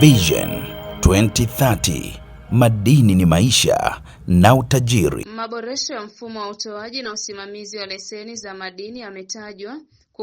Vision 2030 madini ni maisha na utajiri. Maboresho ya mfumo wa utoaji na usimamizi wa leseni za madini yametajwa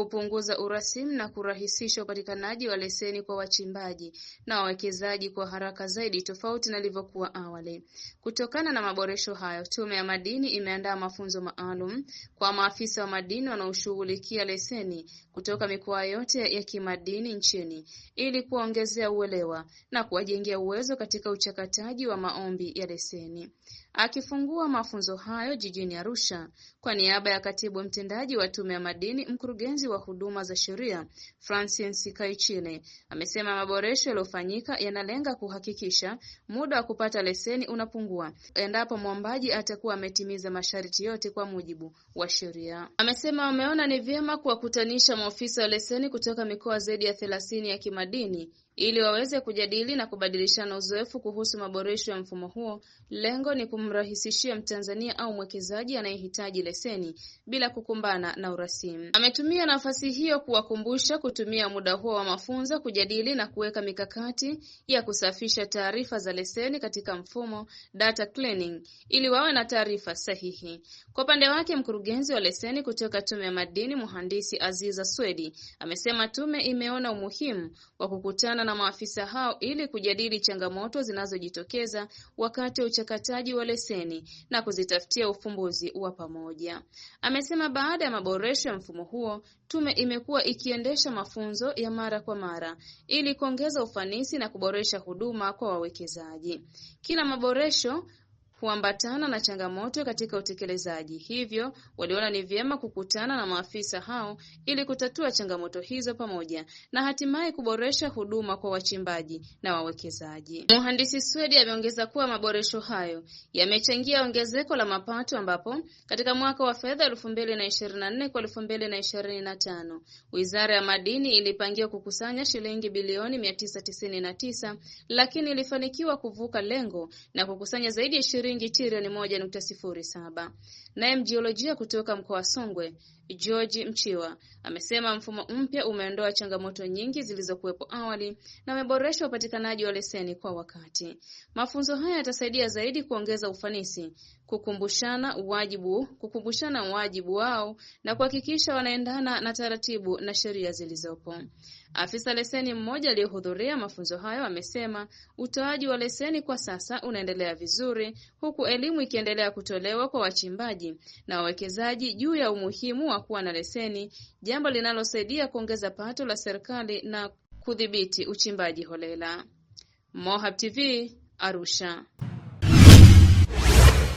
kupunguza urasimu na kurahisisha upatikanaji wa leseni kwa wachimbaji na wawekezaji kwa haraka zaidi tofauti na ilivyokuwa awali. Kutokana na maboresho hayo, Tume ya Madini imeandaa mafunzo maalum kwa maafisa wa madini wanaoshughulikia leseni kutoka mikoa yote ya kimadini nchini ili kuwaongezea uelewa na kuwajengea uwezo katika uchakataji wa maombi ya leseni. Akifungua mafunzo hayo jijini Arusha kwa niaba ya katibu mtendaji wa Tume ya Madini, mkurugenzi wa huduma za sheria Francis Kaichine amesema maboresho yaliyofanyika yanalenga kuhakikisha muda wa kupata leseni unapungua endapo mwombaji atakuwa ametimiza masharti yote kwa mujibu wa sheria. Amesema wameona ni vyema kuwakutanisha maofisa wa leseni kutoka mikoa zaidi ya thelathini ya kimadini ili waweze kujadili na kubadilishana uzoefu kuhusu maboresho ya mfumo huo. Lengo ni kumrahisishia Mtanzania au mwekezaji anayehitaji leseni bila kukumbana na urasimu. Ametumia nafasi hiyo kuwakumbusha kutumia muda huo wa mafunzo kujadili na kuweka mikakati ya kusafisha taarifa za leseni katika mfumo data cleaning, ili wawe na taarifa sahihi. Kwa upande wake, mkurugenzi wa leseni kutoka Tume ya Madini, Mhandisi Aziza Swedi, amesema tume imeona umuhimu wa kukutana na maafisa hao ili kujadili changamoto zinazojitokeza wakati wa uchakataji wa leseni na kuzitafutia ufumbuzi wa pamoja. Amesema baada ya maboresho ya mfumo huo, tume imekuwa ikiendesha mafunzo ya mara kwa mara ili kuongeza ufanisi na kuboresha huduma kwa wawekezaji. Kila maboresho huambatana na changamoto katika utekelezaji, hivyo waliona ni vyema kukutana na maafisa hao ili kutatua changamoto hizo pamoja na hatimaye kuboresha huduma kwa wachimbaji na wawekezaji. Mhandisi Swedi ameongeza kuwa maboresho hayo yamechangia ongezeko la mapato ambapo katika mwaka wa fedha 2024 kwa 2025 Wizara ya Madini ilipangiwa kukusanya shilingi bilioni 999 lakini ilifanikiwa kuvuka lengo na kukusanya zaidi ya shilingi trilioni moja nukta sifuri saba. Naye mjiolojia kutoka mkoa wa Songwe George Mchiwa amesema mfumo mpya umeondoa changamoto nyingi zilizokuwepo awali na umeboresha upatikanaji wa leseni kwa wakati. Mafunzo haya yatasaidia zaidi kuongeza ufanisi, kukumbushana wajibu kukumbushana wajibu wao na kuhakikisha wanaendana na taratibu na sheria zilizopo. Afisa leseni mmoja aliyehudhuria mafunzo hayo amesema utoaji wa leseni kwa sasa unaendelea vizuri huku elimu ikiendelea kutolewa kwa wachimbaji na wawekezaji juu ya umuhimu wa kuwa na leseni, jambo linalosaidia kuongeza pato la serikali na kudhibiti uchimbaji holela. Mohab TV Arusha.